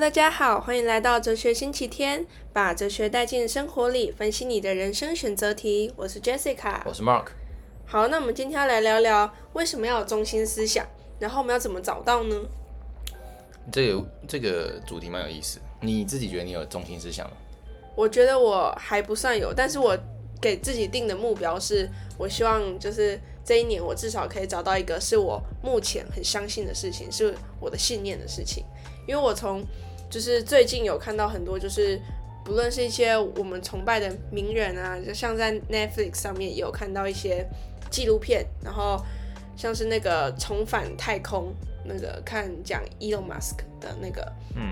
大家好，歡迎來到哲學星期天，把哲學帶進生活裡，分析你的人生選擇題。我是 Jessica，我是 Mark。好，那我們今天要來聊聊為什麼要有中心思想，然後我們要怎麼找到呢？這個這個主題蠻有意思。你你自己覺得你有中心思想嗎？我覺得我還不算有，但是我給自己定的目標是，我希望就是這一年我至少可以找到一個是我目前很相信的事情，是我的信念的事情，因為我從就是最近有看到很多，就是不論是一些我們崇拜的名人啊，就像在 Netflix 上面有看到一些紀錄片，然後像是那個重返太空，那個看講 Elon Musk 的那個，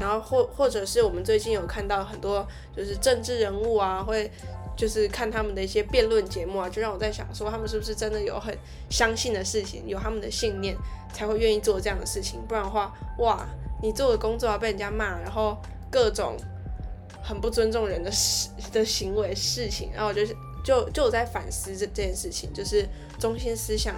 然後或或者是我們最近有看到很多就是政治人物啊，會就是看他們的一些辯論節目啊，就讓我在想說他們是不是真的有很相信的事情，有他們的信念才會願意做這樣的事情，不然的話，哇。你做的工作要被人家罵，然後各種很不尊重人的事的行為、事情，然後就是就就，就我在反思這這件事情，就是中心思想。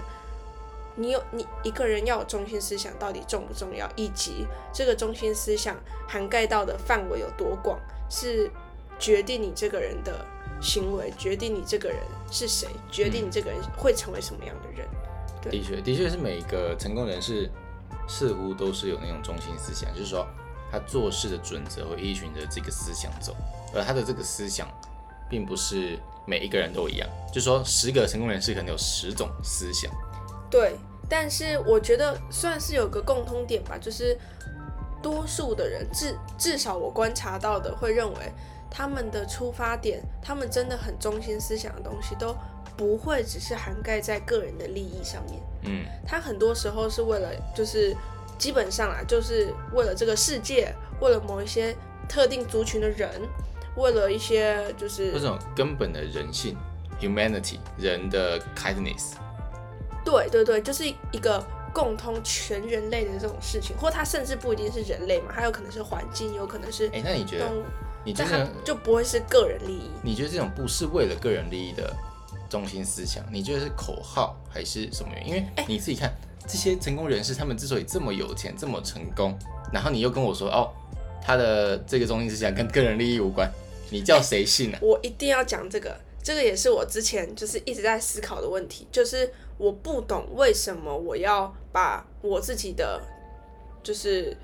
你有你一個人要有中心思想，到底重不重要，以及這個中心思想涵蓋到的範圍有多廣，是決定你這個人的行為，決定你這個人是誰，決定你這個人會成為什麼樣的人。嗯、對的確，的確是每一個成功人士。似乎都是有那種中心思想，就是說他做事的準則會依循着這個思想走，而他的這個思想並不是每一個人都一樣，就是說十個成功人士可能有十種思想。對，但是我覺得算是有個共通點吧，就是多數的人，至至少我觀察到的會認為。他們的出發點，他們真的很中心思想的東西都不會只是涵蓋在個人的利益上面。嗯，他很多時候是為了，就是基本上啊，就是為了這個世界，為了某一些特定族群的人，為了一些就是這種根本的人性 （humanity）、人的 kindness。對對對，就是一個共通全人類的這種事情，或他甚至不一定是人類嘛，他有可能是環境，有可能是哎、欸，那你覺得？你覺得就不會是個人利益？你覺得這種不是為了個人利益的中心思想？你覺得是口號還是什麼原因？因為你自己看、欸、這些成功人士，他們之所以這麼有錢、這麼成功，然後你又跟我說，哦，他的這個中心思想跟個人利益無關，你叫誰信呢、啊欸？我一定要講這個，這個也是我之前就是一直在思考的問題，就是我不懂為什麼我要把我自己的就是。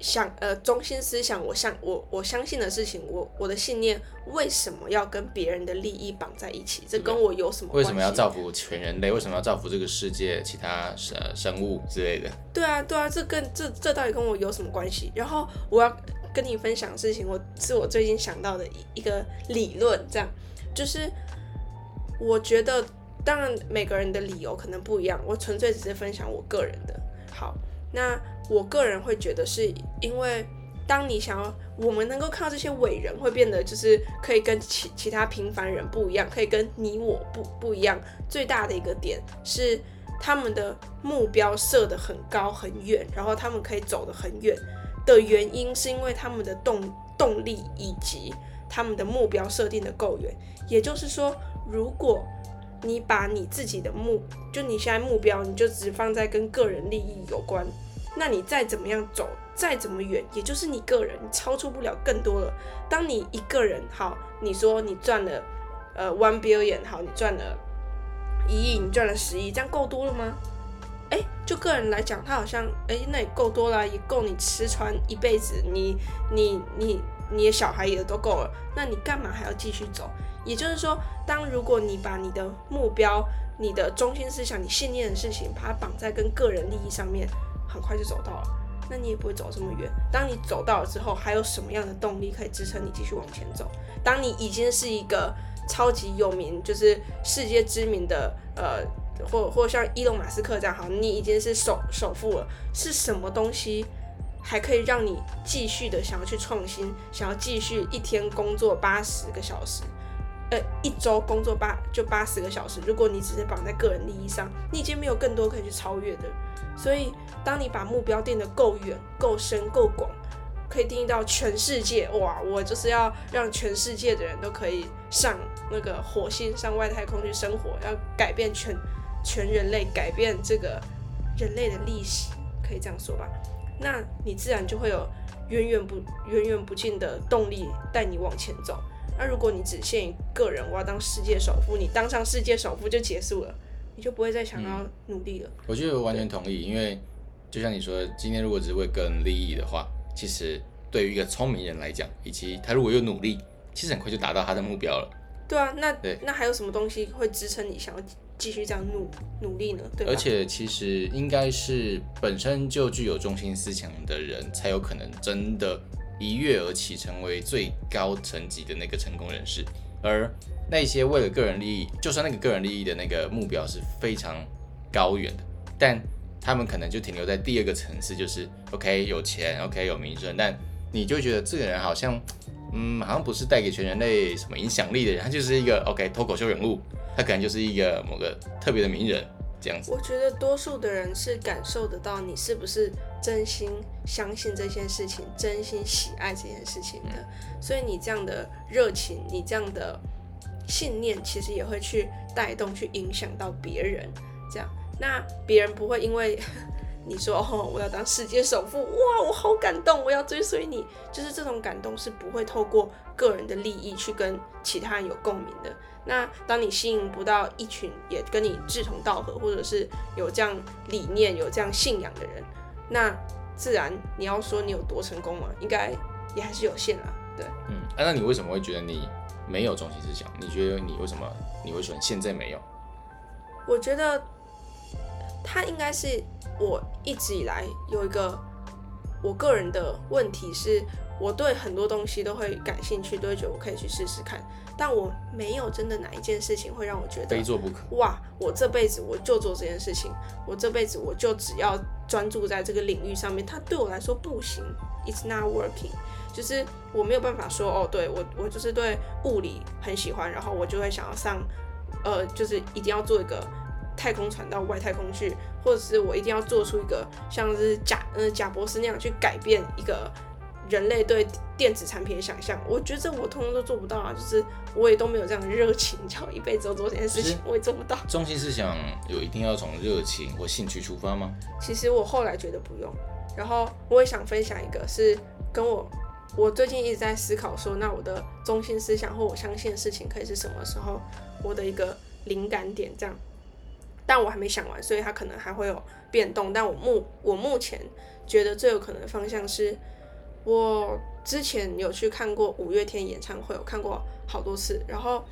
想呃、中心思想，我想我我相信的事情，我我的信念，為什麼要跟別人的利益綁在一起？啊、這跟我有什麼關係？為什麼要造福全人類？為什麼要造福這個世界其他呃、啊、生物之類的？對啊，對啊，這跟這這到底跟我有什麼關係？然後我要跟你分享的事情，我是我最近想到的一一個理論，這樣就是我覺得，當然每個人的理由可能不一樣，我純粹只是分享我個人的。好，那。我個人會覺得，是因為當你想要我們能夠看到這些偉人會變得就是可以跟其其他平凡人不一樣，可以跟你我不不一樣。最大的一個點是他們的目標設得很高很遠，然後他們可以走得很遠的原因，是因為他們的動動力以及他們的目標設定得夠遠。也就是說，如果你把你自己的目就你現在目標，你就只放在跟個人利益有關。那你再怎麼樣走，再怎麼遠，也就是你個人，你超出不了更多了。當你一個人好，你說你賺了，呃，one billion，好，你賺了一億，你賺了十億，這樣夠多了嗎？誒，就個人來講，他好像誒，那也夠多了，也夠你吃穿一輩子，你你你你的小孩也都夠了。那你幹嘛還要繼續走？也就是說，當如果你把你的目標、你的中心思想、你信念的事情，把它綁在跟個人利益上面。很快就走到了，那你也不會走這麼遠。當你走到了之後，還有什麼樣的動力可以支撐你繼續往前走？當你已經是一個超級有名，就是世界知名的，呃，或或像伊隆馬斯克這樣，好，你已經是首首富了，是什麼東西還可以讓你繼續的想要去創新，想要繼續一天工作八十個小時，呃，一周工作八就八十個小時？如果你只是綁在個人利益上，你已經沒有更多可以去超越的，所以。當你把目標定得夠遠、夠深、夠廣，可以定義到全世界。哇！我就是要讓全世界的人都可以上那個火星、上外太空去生活，要改變全全人類，改變這個人類的歷史，可以這樣說吧？那你自然就會有源源不源源不盡的動力帶你往前走。那如果你只限於個人，我要當世界首富，你當上世界首富就結束了，你就不會再想要努力了。嗯，我覺得我完全同意，對因為。就像你說，今天如果只為個人利益的話，其實對於一個聰明人來講，以及他如果又努力，其實很快就達到他的目標了。對啊，那對那還有什麼東西會支撐你想要繼續這樣努努力呢？對吧？而且其實應該是本身就具有中心思想的人，才有可能真的一躍而起，成為最高層級的那個成功人士。而那些為了個人利益，就算那個個人利益的那個目標是非常高遠的，但。他們可能就停留在第二個層次，就是 OK 有錢，OK 有名聲，但你就覺得這個人好像，嗯，好像不是帶給全人類什麼影響力的人，他就是一個 OK 脫口秀人物，他可能就是一個某個特別的名人這樣子。我覺得多數的人是感受得到你是不是真心相信這件事情，真心喜愛這件事情的，嗯、所以你這樣的熱情，你這樣的信念，其實也會去帶動、去影響到別人這樣。那別人不會因為你說，哦我要當世界首富，哇我好感動我要追隨你。就是這種感動是不會透過個人的利益去跟其他人有共鳴的。那當你吸引不到一群也跟你志同道合或者是有這樣理念、有這樣信仰的人，那自然你要說你有多成功嗎、啊，應該也還是有限啦。對，嗯、啊，那你為什麼會覺得你沒有中心思想？你覺得你為什麼你會說現在沒有？我覺得。它應該是我一直以來有一個我個人的問題，是我對很多東西都會感興趣，都會覺得我可以去試試看，但我沒有真的哪一件事情會讓我覺得非做不可。哇，我這輩子我就做這件事情，我這輩子我就只要專注在這個領域上面，它對我來說不行，It's not working，就是我沒有辦法說哦，對我我就是對物理很喜歡，然後我就會想要上，呃，就是一定要做一個太空船到外太空去，或者是我一定要做出一個像是賈嗯賈伯斯那樣去改變一個人類對電子產品的想象。我覺得我通通都做不到啊，就是我也都沒有這樣的熱情，要一輩子要做這件事情，我也做不到。中心思想有一定要從熱情或興趣出發嗎？其實我後來覺得不用，然後我也想分享一個，是跟我我最近一直在思考說，那我的中心思想或我相信的事情可以是什麼時候我的一個靈感點這樣。但我還沒想完，所以他可能還會有變動。但我目我目前覺得最有可能的方向是，我之前有去看過五月天演唱會，我看過好多次。然後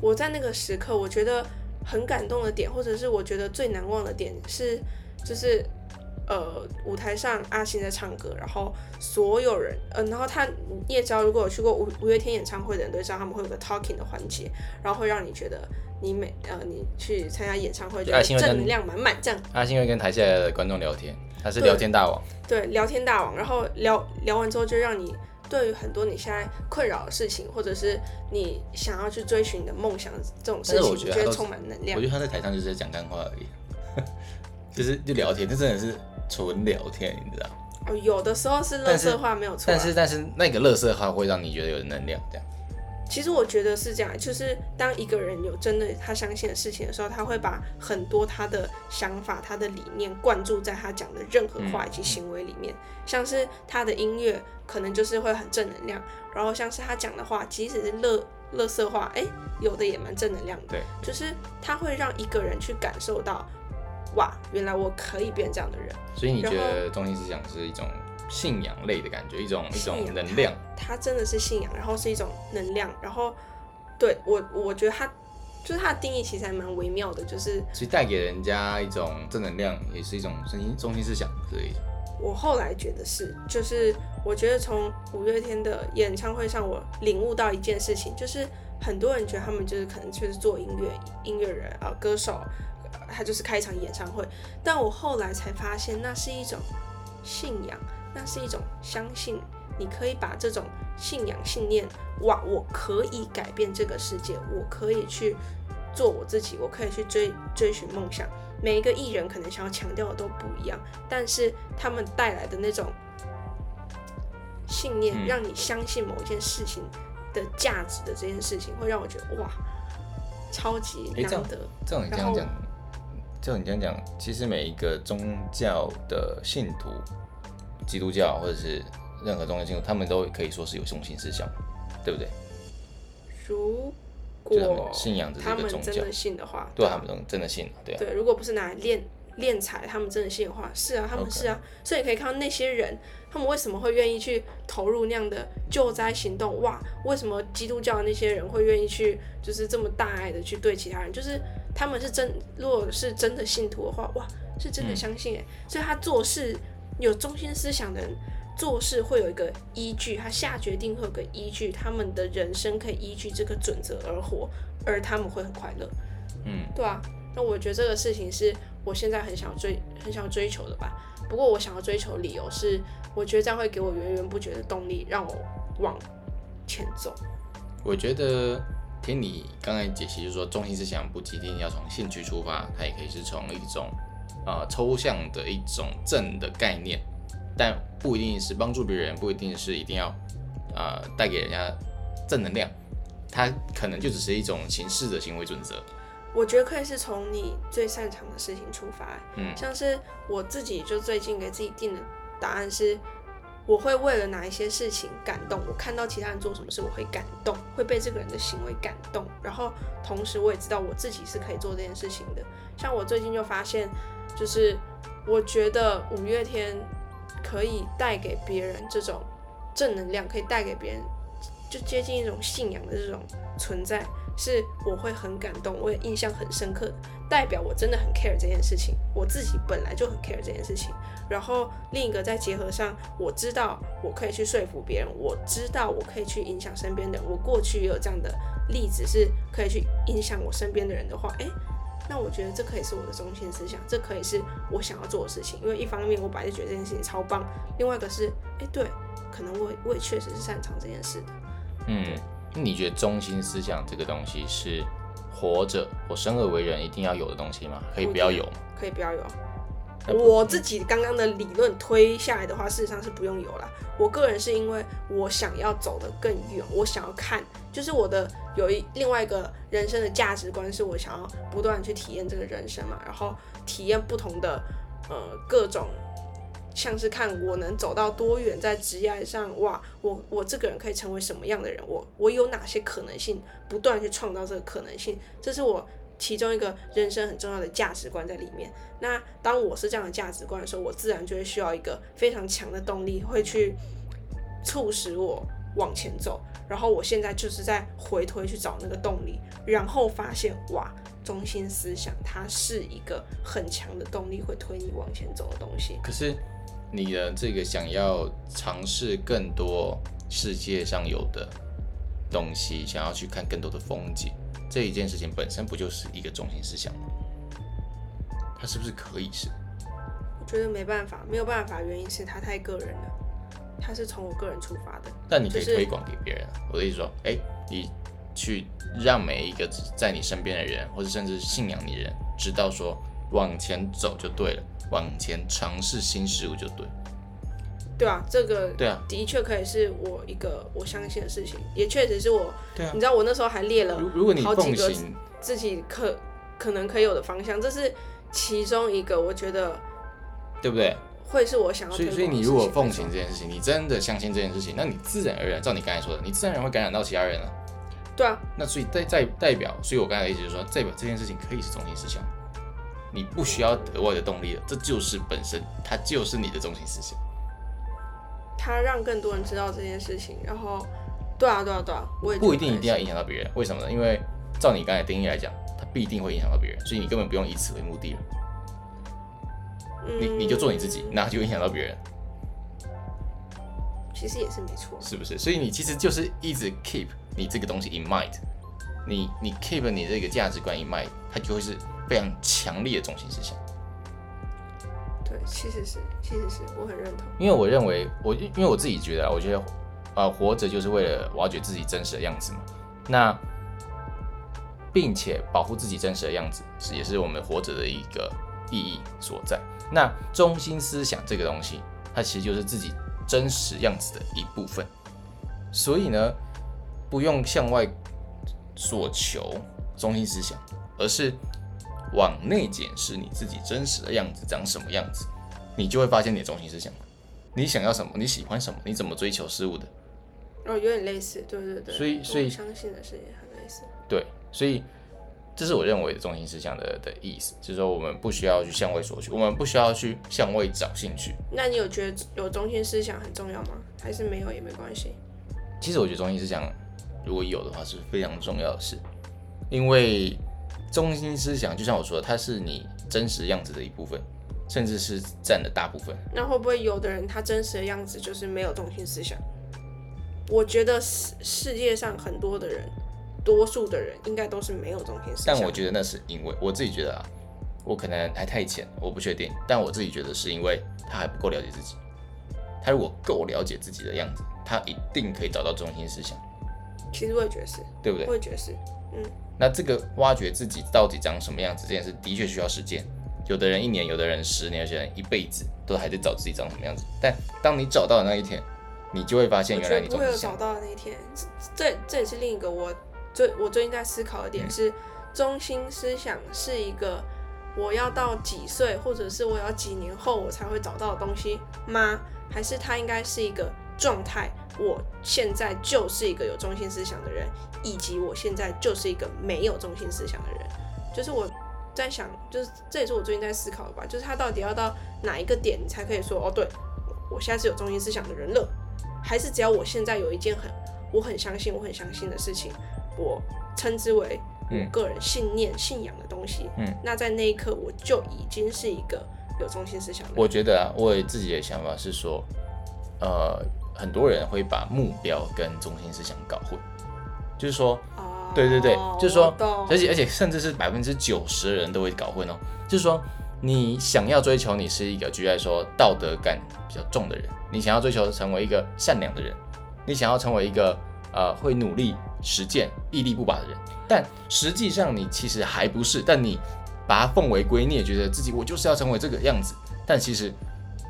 我在那個時刻，我覺得很感動的點，或者是我覺得最難忘的點是，是就是呃，舞台上阿信在唱歌，然後所有人，嗯、呃，然後他，你也知道，如果有去過五五月天演唱會的人，都知道他們會有個 talking 的環節，然後會讓你覺得。你每呃，你去參加演唱會，就正能量滿滿。這樣，阿信會跟台下的觀眾聊天，他是聊天大王對。對，聊天大王。然後聊聊完之後，就讓你對於很多你現在困擾的事情，或者是你想要去追尋你的夢想這種事情，覺得就會充滿能量。我覺得他在台上就是在講幹話而已， 就是就聊天，這真的是純聊天，你知道嗎？哦，有的時候是垃圾話沒有錯，啊，但是但是那個垃圾話會讓你覺得有能量，這樣。其實我覺得是這樣，就是當一個人有真的他相信的事情的時候，他會把很多他的想法、他的理念灌注在他講的任何話以及行為裡面。嗯、像是他的音樂，可能就是會很正能量。然後像是他講的話，即使是樂、垃圾話，誒、欸，有的也蠻正能量的。對，就是他會讓一個人去感受到，哇，原來我可以變這樣的人。所以你覺得中心思想是一種？信仰類的感覺，一種一種能量它，它真的是信仰，然後是一種能量，然後對我，我覺得它就是它的定義其實還蠻微妙的，就是其實帶給人家一種正能量，也是一種聲心中心思想可以。對，我後來覺得是，就是我覺得從五月天的演唱會上，我領悟到一件事情，就是很多人覺得他們就是可能就是做音樂音樂人啊、呃、歌手、呃，他就是開一場演唱會，但我後來才發現那是一種信仰。那是一種相信，你可以把這種信仰、信念，哇，我可以改變這個世界，我可以去做我自己，我可以去追追尋夢想。每一個藝人可能想要強調的都不一樣，但是他們帶來的那種信念，讓你相信某件事情的價值的這件事情，嗯、會讓我覺得哇，超級難得。欸、這樣，這樣你這樣講，然後，這樣你這樣講，其實每一個宗教的信徒。基督教或者是任何宗教信徒，他們都可以說是有中心思想，對不對？如果他們真的信仰這個的話，對他們真真的信，對啊、對啊、如果不是拿來斂斂財，練才他們真的信的話，是啊，他們是啊。Okay. 所以你可以看到那些人，他們為什麼會願意去投入那樣的救災行動？哇，為什麼基督教的那些人會願意去，就是這麼大愛的去對其他人？就是他們是真，如果是真的信徒的話，哇，是真的相信、欸嗯、所以他做事。有中心思想的人做事會有一個依據，他下決定會有個依據，他們的人生可以依據這個準則而活，而他們會很快樂。嗯，對啊，那我覺得這個事情是我現在很想追、很想追求的吧。不過我想要追求理由是，我覺得這樣會給我源源不絕的動力，讓我往前走。我覺得聽你剛才解析就是，就說中心思想不一定要從興趣出發，它也可以是從一種。呃，抽象的一種正的概念，但不一定是幫助別人，不一定是一定要呃帶給人家正能量，它可能就只是一種行事的行為準則。我覺得可以是從你最擅長的事情出發，嗯，像是我自己就最近給自己定的答案是，我會為了哪一些事情感動，我看到其他人做什麼事我會感動，會被這個人的行為感動，然後同時我也知道我自己是可以做這件事情的，像我最近就發現。就是我覺得五月天可以帶給別人這種正能量，可以帶給別人就接近一種信仰的這種存在，是我會很感動，我也印象很深刻，代表我真的很 care 這件事情，我自己本來就很 care 這件事情。然後另一個在結合上，我知道我可以去說服別人，我知道我可以去影響身邊的人。我過去也有這樣的例子，是可以去影響我身邊的人的話，欸那我覺得這可以是我的中心思想，這可以是我想要做的事情。因為一方面我本來就覺得這件事情超棒，另外一個是，哎、欸，對，可能我我也確實是擅長這件事的。嗯，那你覺得中心思想這個東西是活着，我生而為人一定要有的東西嗎？可以不要有嗎？可以不要有。我自己剛剛的理論推下來的話，事實上是不用有啦。我個人是因為我想要走得更遠，我想要看。就是我的有一另外一個人生的價值觀，是我想要不斷去體驗這個人生嘛，然後體驗不同的，呃，各種像是看我能走到多遠，在職業上，哇，我我這個人可以成為什麼樣的人，我我有哪些可能性，不斷去創造這個可能性，這是我其中一個人生很重要的價值觀在裡面。那當我是這樣的價值觀的時候，我自然就會需要一個非常強的動力，會去促使我往前走。然後我現在就是在回推去找那個動力，然後發現哇，中心思想它是一個很強的動力，會推你往前走的東西。可是你的這個想要嘗試更多世界上有的東西，想要去看更多的風景，這一件事情本身不就是一個中心思想嗎？它是不是可以是？我覺得沒辦法，沒有辦法，原因是它太個人了。他是從我個人出發的，但你可以推廣給別人。就是、我的意思說，哎、欸，你去讓每一個在你身邊的人，或者甚至信仰你的人，知道說往前走就對了，往前嘗試新事物就對，對啊，這個對啊，的確可以是我一個我相信的事情，啊、也確實是我。對啊，你知道我那時候還列了，好幾個自己可可能可以有的方向，這是其中一個，我覺得對不對？會是我想要。所以，所以你如果奉行這件事情，你真的相信這件事情，那你自然而然，照你剛才說的，你自然而然會感染到其他人了啊。對啊。那所以代，在在代表，所以我剛才的意思就是說，代表這件事情可以是中心思想，你不需要額外的動力了，這就是本身，它就是你的中心思想。他讓更多人知道這件事情，然後，對啊，對啊，對啊，我也不一定一定要影響到別人，為什麼呢？因為照你剛才定義來講，它必定會影響到別人，所以你根本不用以此為目的了。你你就做你自己，那就影響到別人。其實也是沒錯啊，是不是？所以你其實就是一直 keep 你這個東西 in mind，你你 keep 你這個價值觀 in mind，它就會是非常強烈的中心思想。對，其實是，其實是，我很認同。因為我認為，我因為我自己覺得，我覺得，呃，活着就是為了挖掘自己真實的樣子嘛。那，並且保護自己真實的樣子，是也是我們活着的一個。意義所在。那中心思想這個東西，它其實就是自己真實樣子的一部分。所以呢，不用向外索求中心思想，而是往內檢視你自己真實的樣子長什麼樣子，你就會發現你的中心思想。你想要什麼？你喜歡什麼？你怎麼追求事物的？哦，有點類似，對對對。所以，所以相信的事也很類似。對，所以。這是我認為的中心思想的的意思，就是說我們不需要去向外索取，我們不需要去向外找興趣。那你有覺得有中心思想很重要嗎？還是沒有也沒關係？其實我覺得中心思想如果有的話是非常重要的事，因為中心思想就像我說的，它是你真實樣子的一部分，甚至是佔了大部分。那會不會有的人他真實的樣子就是沒有中心思想？我覺得世世界上很多的人。多數的人應該都是沒有中心思想，但我覺得那是因為我自己覺得啊，我可能還太淺，我不確定。但我自己覺得是因為他還不夠了解自己，他如果夠了解自己的樣子，他一定可以找到中心思想。其實我也覺得是，對不對？我也覺得是，嗯。那這個挖掘自己到底長什麼樣子這件事，的確需要時間。有的人一年，有的人十年，有些人一輩子都還在找自己長什麼樣子。但當你找到的那一天，你就會發現原來你。都沒有找到的那一天，這這也是另一個我。最我最近在思考的點是，中心思想是一個我要到幾歲，或者是我要幾年後我才會找到的東西嗎？還是它應該是一個狀態？我現在就是一個有中心思想的人，以及我現在就是一個沒有中心思想的人？就是我在想，就是這也是我最近在思考的吧？就是它到底要到哪一個點你才可以說哦，對，我現在是有中心思想的人了？還是只要我現在有一件很我很相信、我很相信的事情？我稱之為我個人信念、嗯、信仰的東西。嗯，那在那一刻，我就已經是一個有中心思想的人。我覺得、啊、我自己的想法是說，呃，很多人會把目標跟中心思想搞混，就是說，啊、對對對，哦、就是說，哦、而且而且甚至是百分之九十的人都會搞混哦。就是說，你想要追求，你是一個，舉例說，道德感比較重的人，你想要追求成為一個善良的人，你想要成為一個呃，會努力。實踐、屹立不拔的人，但實際上你其實還不是。但你把它奉為圭臬，你也覺得自己我就是要成為這個樣子。但其實，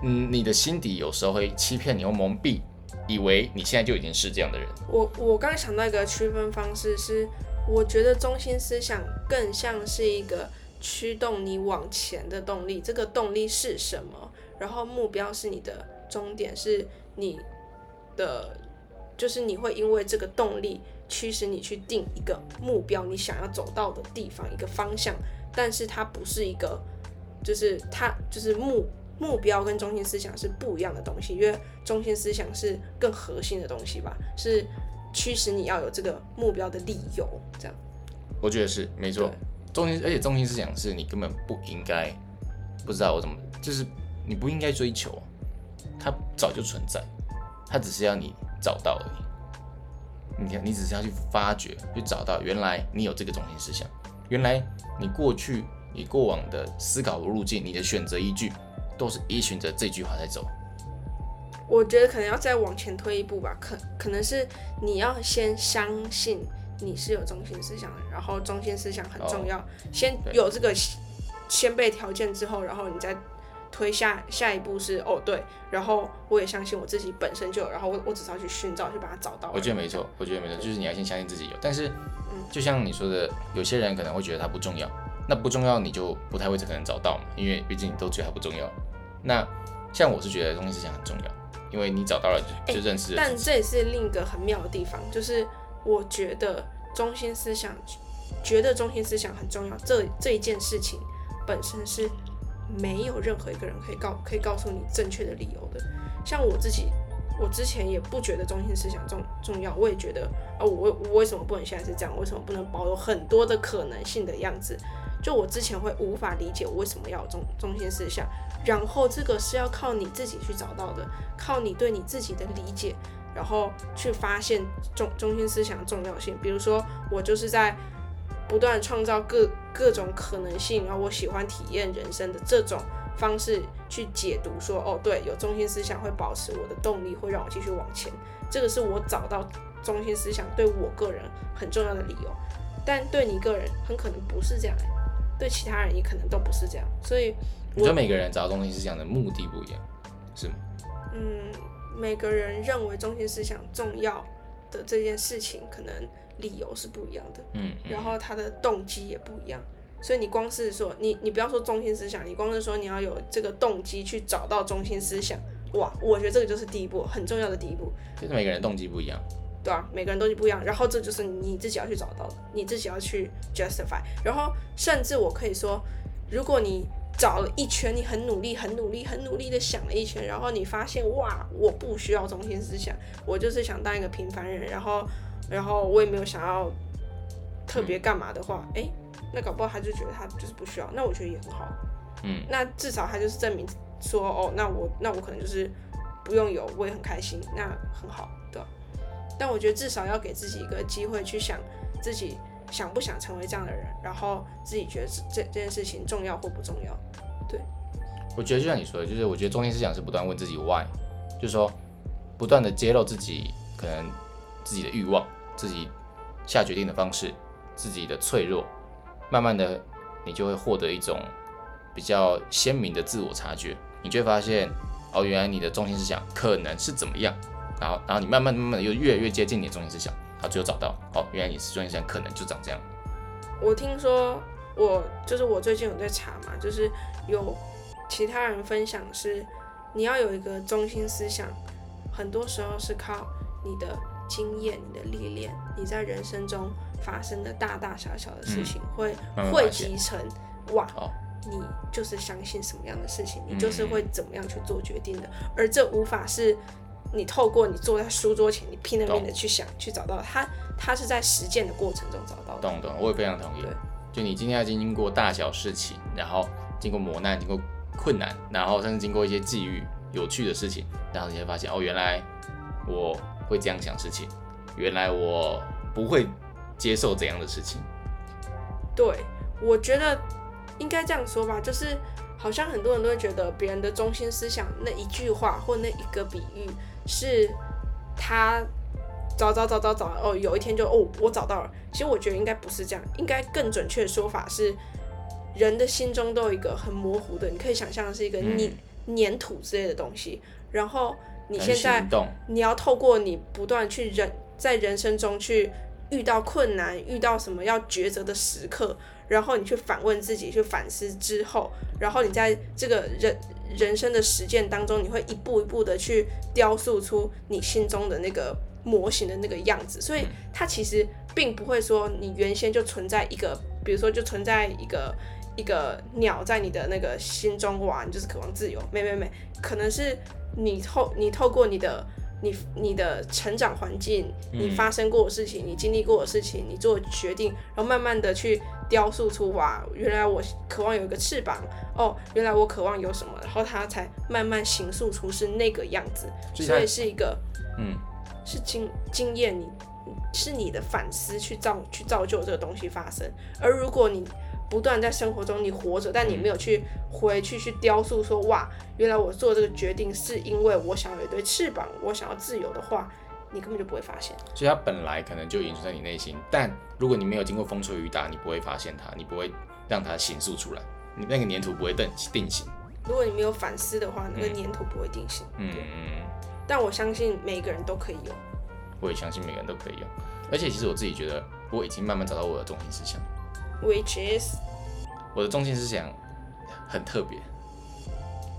嗯，你的心底有時候會欺騙你、蒙蔽，以為你現在就已經是這樣的人。我我剛想到一個區分方式是，我覺得中心思想更像是一個驅動你往前的動力。這個動力是什麼？然後目標是你的終點，是你的。就是你會因為這個動力驅使你去定一個目標，你想要走到的地方，一個方向。但是它不是一個，就是它就是目目標跟中心思想是不一樣的東西，因為中心思想是更核心的東西吧，是驅使你要有這個目標的理由。這樣，我覺得是沒錯。對中心，而且中心思想是你根本不應該，不知道我怎麼，就是你不應該追求，它早就存在，它只是要你，找到而已。你看，你只是要去發掘，去找到，原來你有這個中心思想，原來你過去、你過往的思考的路徑、你的選擇依據，都是依循着這句話在走。我覺得可能要再往前推一步吧，可可能是你要先相信你是有中心思想的，然後中心思想很重要，oh，先有這個先備條件之後，然後你再。推下下一步是哦，對，然後我也相信我自己本身就有，然後我我只需要去尋找，去把它找到。我覺得沒錯，我覺得沒錯，對就是你要先相信自己有。但是，嗯、就像你說的，有些人可能會覺得它不重要，那不重要你就不太會可能找到嘛，因為畢竟你都覺得它不重要。那像我是覺得中心思想很重要，因為你找到了就，欸、就認識。但這也是另一個很妙的地方，就是我覺得中心思想，覺得中心思想很重要，這這一件事情本身是。沒有任何一個人可以告可以告訴你正確的理由的。像我自己，我之前也不覺得中心思想重重要，我也覺得啊、哦，我我為什麼不能現在是這樣？為什麼不能保有很多的可能性的樣子？就我之前會無法理解我為什麼要有中中心思想，然後這個是要靠你自己去找到的，靠你對你自己的理解，然後去發現中中心思想的重要性。比如說，我就是在。不斷創造各各種可能性，然後我喜歡體驗人生的這種方式去解讀說，說哦對，有中心思想會保持我的動力，會讓我繼續往前。這個是我找到中心思想對我個人很重要的理由，但對你個人很可能不是這樣，對其他人也可能都不是這樣。所以我覺得每個人找中心思想的目的不一樣，是嗎？嗯，每個人認為中心思想重要的這件事情，可能。理由是不一樣的，嗯，嗯，然後他的動機也不一樣，所以你光是說你你不要說中心思想，你光是說你要有這個動機去找到中心思想，哇，我覺得這個就是第一步，很重要的第一步。就是每個人動機不一樣，對啊，每個人動機不一樣，然後這就是你自己要去找到的，你自己要去 justify，然後甚至我可以說，如果你找了一圈，你很努力、很努力、很努力的想了一圈，然後你發現哇，我不需要中心思想，我就是想當一個平凡人，然後。然後我也沒有想要特別幹嘛的話，哎、嗯，那搞不好他就覺得他就是不需要，那我覺得也很好。嗯，那至少他就是證明說，哦，那我那我可能就是不用有，我也很開心，那很好的。但我覺得至少要給自己一個機會去想自己想不想成為這樣的人，然後自己覺得這這件事情重要或不重要。對，我覺得就像你說的，就是我覺得中心思想是不斷問自己 why，就是說不斷的揭露自己可能自己的欲望，自己下決定的方式，自己的脆弱，慢慢的，你就會獲得一種比較鮮明的自我察覺。你就會發現，哦，原來你的中心思想可能是怎麼樣。然後，然後你慢慢慢慢的又越來越接近你的中心思想，然後，最後找到，哦，原來你的中心思想可能就長這樣。我聽說，我就是我最近有在查嘛，就是有其他人分享是，你要有一個中心思想，很多時候是靠你的。經驗，你的歷練，你在人生中發生的大大小小的事情會、嗯，會匯集成哇，你就是相信什麼樣的事情，你就是會怎麼樣去做決定的。嗯嗯，而這無法是你透過你坐在書桌前，你拼了命的去想，懂去找到他。他是在實踐的過程中找到的。懂懂？我也非常同意。對就你今天要經過大小事情，然後經過磨難，經過困難，然後甚至經過一些際遇、有趣的事情，然後你才發現哦，原來我。會這樣想事情，原來我不會接受這樣的事情。對，我覺得應該這樣說吧，就是好像很多人都會覺得別人的中心思想那一句話或那一個比喻是他找找找找找哦，有一天就哦，我找到了。其實我覺得應該不是這樣，應該更準確的說法是，人的心中都有一個很模糊的，你可以想象是一個泥、嗯、黏土之類的東西，然後。你現在你要透過你不斷去忍，在人生中去遇到困難，遇到什麼要抉擇的時刻，然後你去反問自己，去反思之後，然後你在這個人人生的實踐當中，你會一步一步的去雕塑出你心中的那個模型的那個樣子。所以它其實並不會說你原先就存在一個，比如說就存在一個一個鳥在你的那個心中玩，哇，你就是渴望自由。沒沒沒，可能是。你透你透過你的你你的成長環境，你發生過的事情，你經歷過的事情，你做決定，然後慢慢的去雕塑出哇，原來我渴望有一個翅膀，哦，原來我渴望有什麼，然後他才慢慢形塑出是那個樣子，所以，所以是一個，嗯，是經經驗，你是你的反思去造去造就這個東西發生，而如果你。不斷在生活中，你活着，但你沒有去回去去雕塑說，說、嗯、哇，原來我做這個決定是因為我想有一對翅膀，我想要自由的話，你根本就不會發現。所以它本來可能就隱存在你內心，但如果你沒有經過風吹雨打，你不會發現它，你不會讓它顯露出來，你那個粘土不會定定型。如果你沒有反思的話，那個粘土不會定型。嗯，對嗯，但我相信每一個人都可以用。我也相信每個人都可以用，而且其實我自己覺得我已經慢慢找到我的中心思想。Which is，我的中心思想很特別，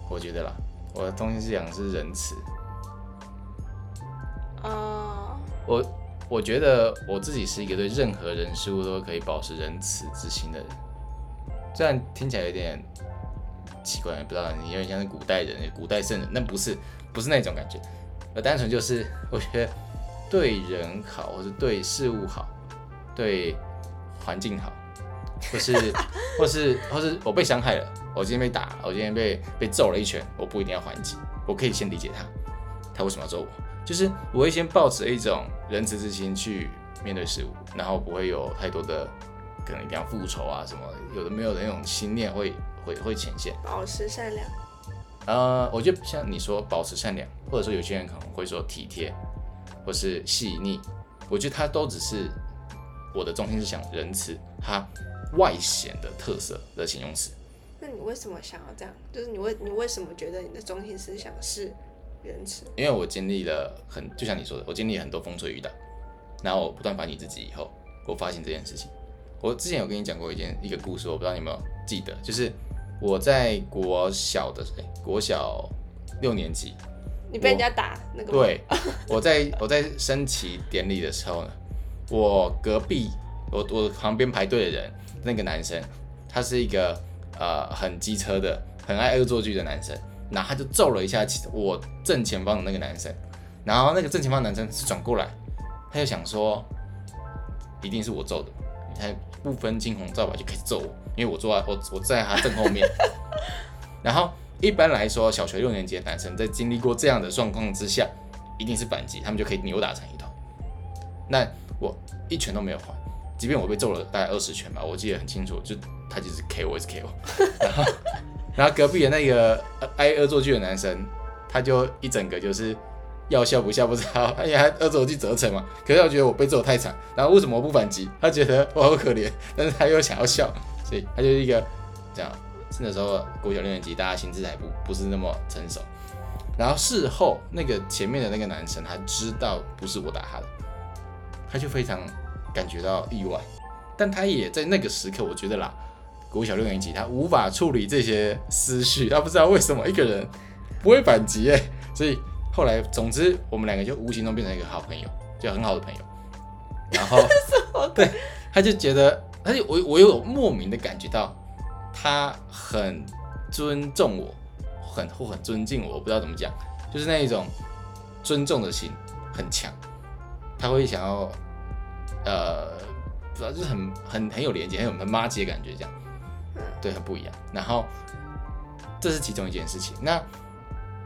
我覺得啦，我的中心思想是仁慈。Uh、我我覺得我自己是一個對任何人、事物都可以保持仁慈之心的人。雖然聽起來有點奇怪，不知道你有點像是古代人、古代聖人，那不是，不是那種感覺，而單純就是我覺得對人好，或是對事物好，對環境好。或是， 或是，或是我被傷害了，我今天被打，我今天被被揍了一拳，我不一定要還擊，我可以先理解他，他為什麼要揍我？就是我會先抱持一種仁慈之心去面對事物，然後不會有太多的可能一定要復仇啊什麼，有的沒有的那種心念會會會顯現，保持善良。呃，我覺得像你說保持善良，或者說有些人可能會說體貼，或是細膩，我覺得他都只是我的中心思想仁慈，哈。外顯的特色的形容詞。那你為什麼想要這樣？就是你為你為什麼覺得你的中心思想是仁慈？因為我經歷了很，就像你說的，我經歷很多風吹雨打，然後我不斷反省自己以後，我發現這件事情。我之前有跟你講過一件一個故事，我不知道你有沒有記得？就是我在國小的、欸、國小六年級，你被人家打我那個？對 我，我在我在升旗典禮的時候呢，我隔壁我我旁邊排隊的人。那個男生，他是一個呃很機車的，很愛惡作劇的男生，然後他就揍了一下我正前方的那個男生，然後那個正前方的男生是轉過來，他就想說，一定是我揍的，他不分青紅皂白就開始揍我，因為我坐在我我在他正後面。 然後一般來說，小學六年級的男生在經歷過這樣的狀況之下，一定是反擊，他們就可以扭打成一團。那我一拳都沒有還。即便我被揍了大概二十拳吧，我記得很清楚，就他就是 k 我一直 k 我， 然後然後隔壁的那個呃、挨惡作劇的男生，他就一整個就是要笑不笑不知道，他也還惡作劇得逞嘛，可是我覺得我被揍太慘，然後為什麼我不反擊？他覺得我好可憐，但是他又想要笑，所以他就是一個這樣。那時候國小六年級，大家心智還不不是那麼成熟。然後事後那個前面的那個男生，他知道不是我打他的，他就非常。感覺到意外，但他也在那個時刻，我覺得啦，國小六年級他無法處理這些思緒，他不知道為什麼一個人不會反擊、欸、所以後來，總之我們兩個就無形中變成一個好朋友，就很好的朋友。然後對，他就覺得他就我我有莫名的感覺到，他很尊重我，很或很尊敬我，我不知道怎麼講，就是那一種尊重的心很強，他會想要。呃，主要就是很很很有連接，很有很麻吉的感覺，這樣，對，很不一樣。然後，這是其中一件事情。那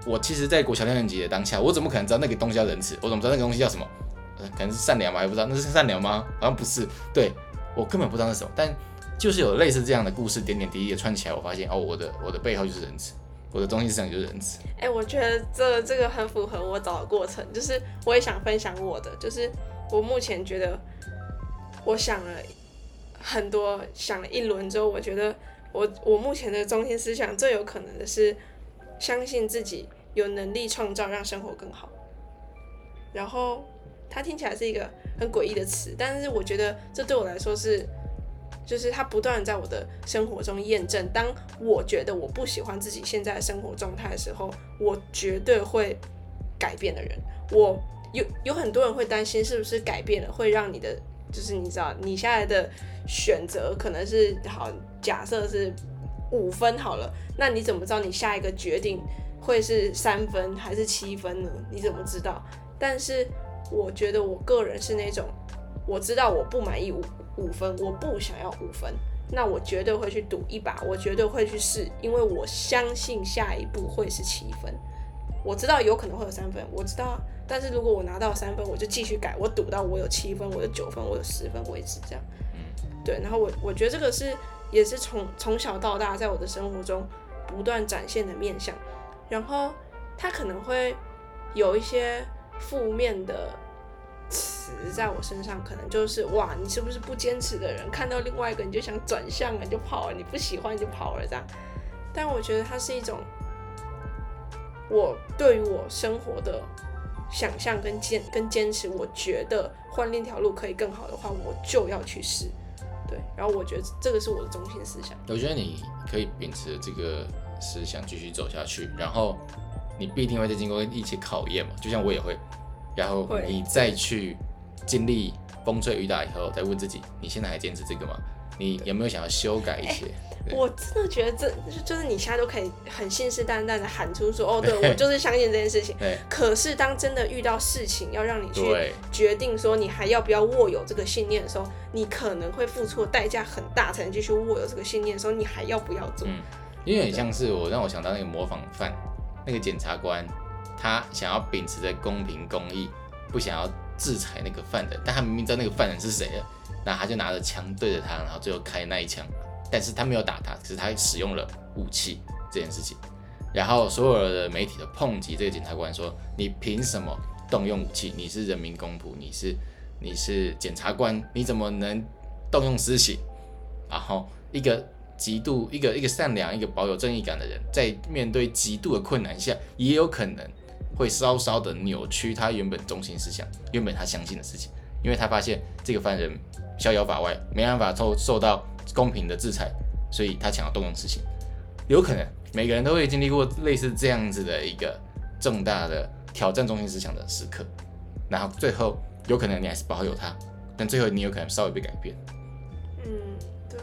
我其實，在國小六年級的當下，我怎麼可能知道那個東西叫仁慈？我怎麼知道那個東西叫什麼？呃、可能是善良吧，也不知道那是善良嗎？好像不是。對，我根本不知道是什麼，但就是有類似這樣的故事，點點滴滴的串起來，我發現哦，我的我的背後就是仁慈，我的中心思想就是仁慈。哎、欸，我覺得這這個很符合我找的過程，就是我也想分享我的，就是。我目前覺得，我想了很多，想了一輪之後，我覺得我我目前的中心思想最有可能的是相信自己有能力創造讓生活更好。然後它聽起來是一個很詭異的詞，但是我覺得這對我來說是，就是它不斷的在我的生活中驗證。當我覺得我不喜歡自己現在的生活狀態的時候，我絕對會改變的人，我。有有很多人會擔心，是不是改變了會讓你的，就是你知道，你下來的選擇可能是好，假設是五分好了，那你怎麼知道你下一個決定會是三分還是七分呢？你怎麼知道？但是我覺得我個人是那種，我知道我不滿意五五分，我不想要五分，那我絕對會去賭一把，我絕對會去試，因為我相信下一步會是七分。我知道有可能會有三分，我知道，但是如果我拿到三分，我就繼續改，我賭到我有七分，我有九分，我有十分為止，這樣，對。然後我我覺得這個是也是從從小到大，在我的生活中不斷展現的面向。然後它可能會有一些負面的詞在我身上，可能就是哇，你是不是不堅持的人？看到另外一個你就想轉向了，你就跑了，你不喜歡就跑了這樣。但我覺得它是一種。我對於我生活的想象跟堅跟堅持，我覺得換另一條路可以更好的話，我就要去試。對，然後我覺得這個是我的中心思想。我覺得你可以秉持這個思想繼續走下去，然後你必定會再經過一些考驗嘛，就像我也會，然後你再去經歷風吹雨打以後，再問自己，你現在還堅持這個嗎？你有沒有想要修改一些？欸、我真的覺得這就是你現在都可以很信誓旦旦的喊出說，對哦，對，我就是相信這件事情。對可是當真的遇到事情要讓你去決定說，你還要不要握有這個信念的時候，對你可能會付出代價很大才能繼續握有這個信念的時候，你還要不要做？嗯、因為很像是我對讓我想到那個模仿犯，那個檢察官，他想要秉持着公平公義，不想要制裁那個犯人，但他明明知道那個犯人是誰了。那他就拿着槍對着他，然後最後開那一槍，但是他沒有打他，只是他使用了武器這件事情。然後所有的媒體都抨擊這個檢察官說：“你憑什麼動用武器？你是人民公僕，你是你是檢察官，你怎麼能動用私刑？”然後一個極度一個一個善良、一個保有正義感的人，在面對極度的困難下，也有可能會稍稍的扭曲他原本中心思想，原本他相信的事情，因為他發現這個犯人。逍遙法外，沒辦法受受到公平的制裁，所以他想要動用私刑。有可能每個人都會經歷過類似這樣子的一個重大的挑戰中心思想的時刻，然後最後有可能你還是保有他，但最後你有可能稍微被改變。嗯，對。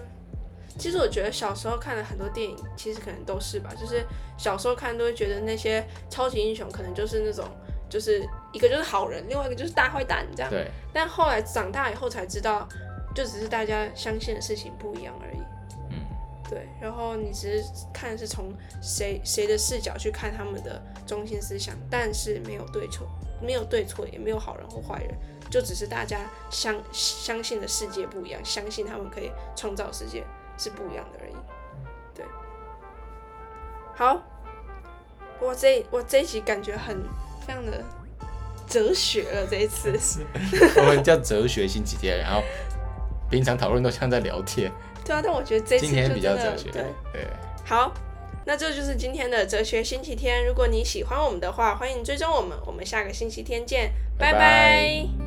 其實我覺得小時候看的很多電影，其實可能都是吧，就是小時候看都會覺得那些超級英雄可能就是那種就是。一個就是好人，另外一個就是大壞蛋，這樣。對。但後來長大以後才知道，就只是大家相信的事情不一樣而已。嗯。對。然後你只是看是從誰誰的視角去看他們的中心思想，但是沒有對錯，沒有對錯，也沒有好人或壞人，就只是大家相相信的世界不一樣，相信他們可以創造世界是不一樣的而已。對。好。我這我這一集感覺很這樣的。哲學了，這一次 是。我們叫哲學星期天， 然後平常討論都像在聊天。對啊，但我覺得這次真的今天比較哲學。對，對。好，那這就是今天的哲學星期天。如果你喜歡我們的話，歡迎追蹤我們。我們下個星期天見，拜拜。拜拜。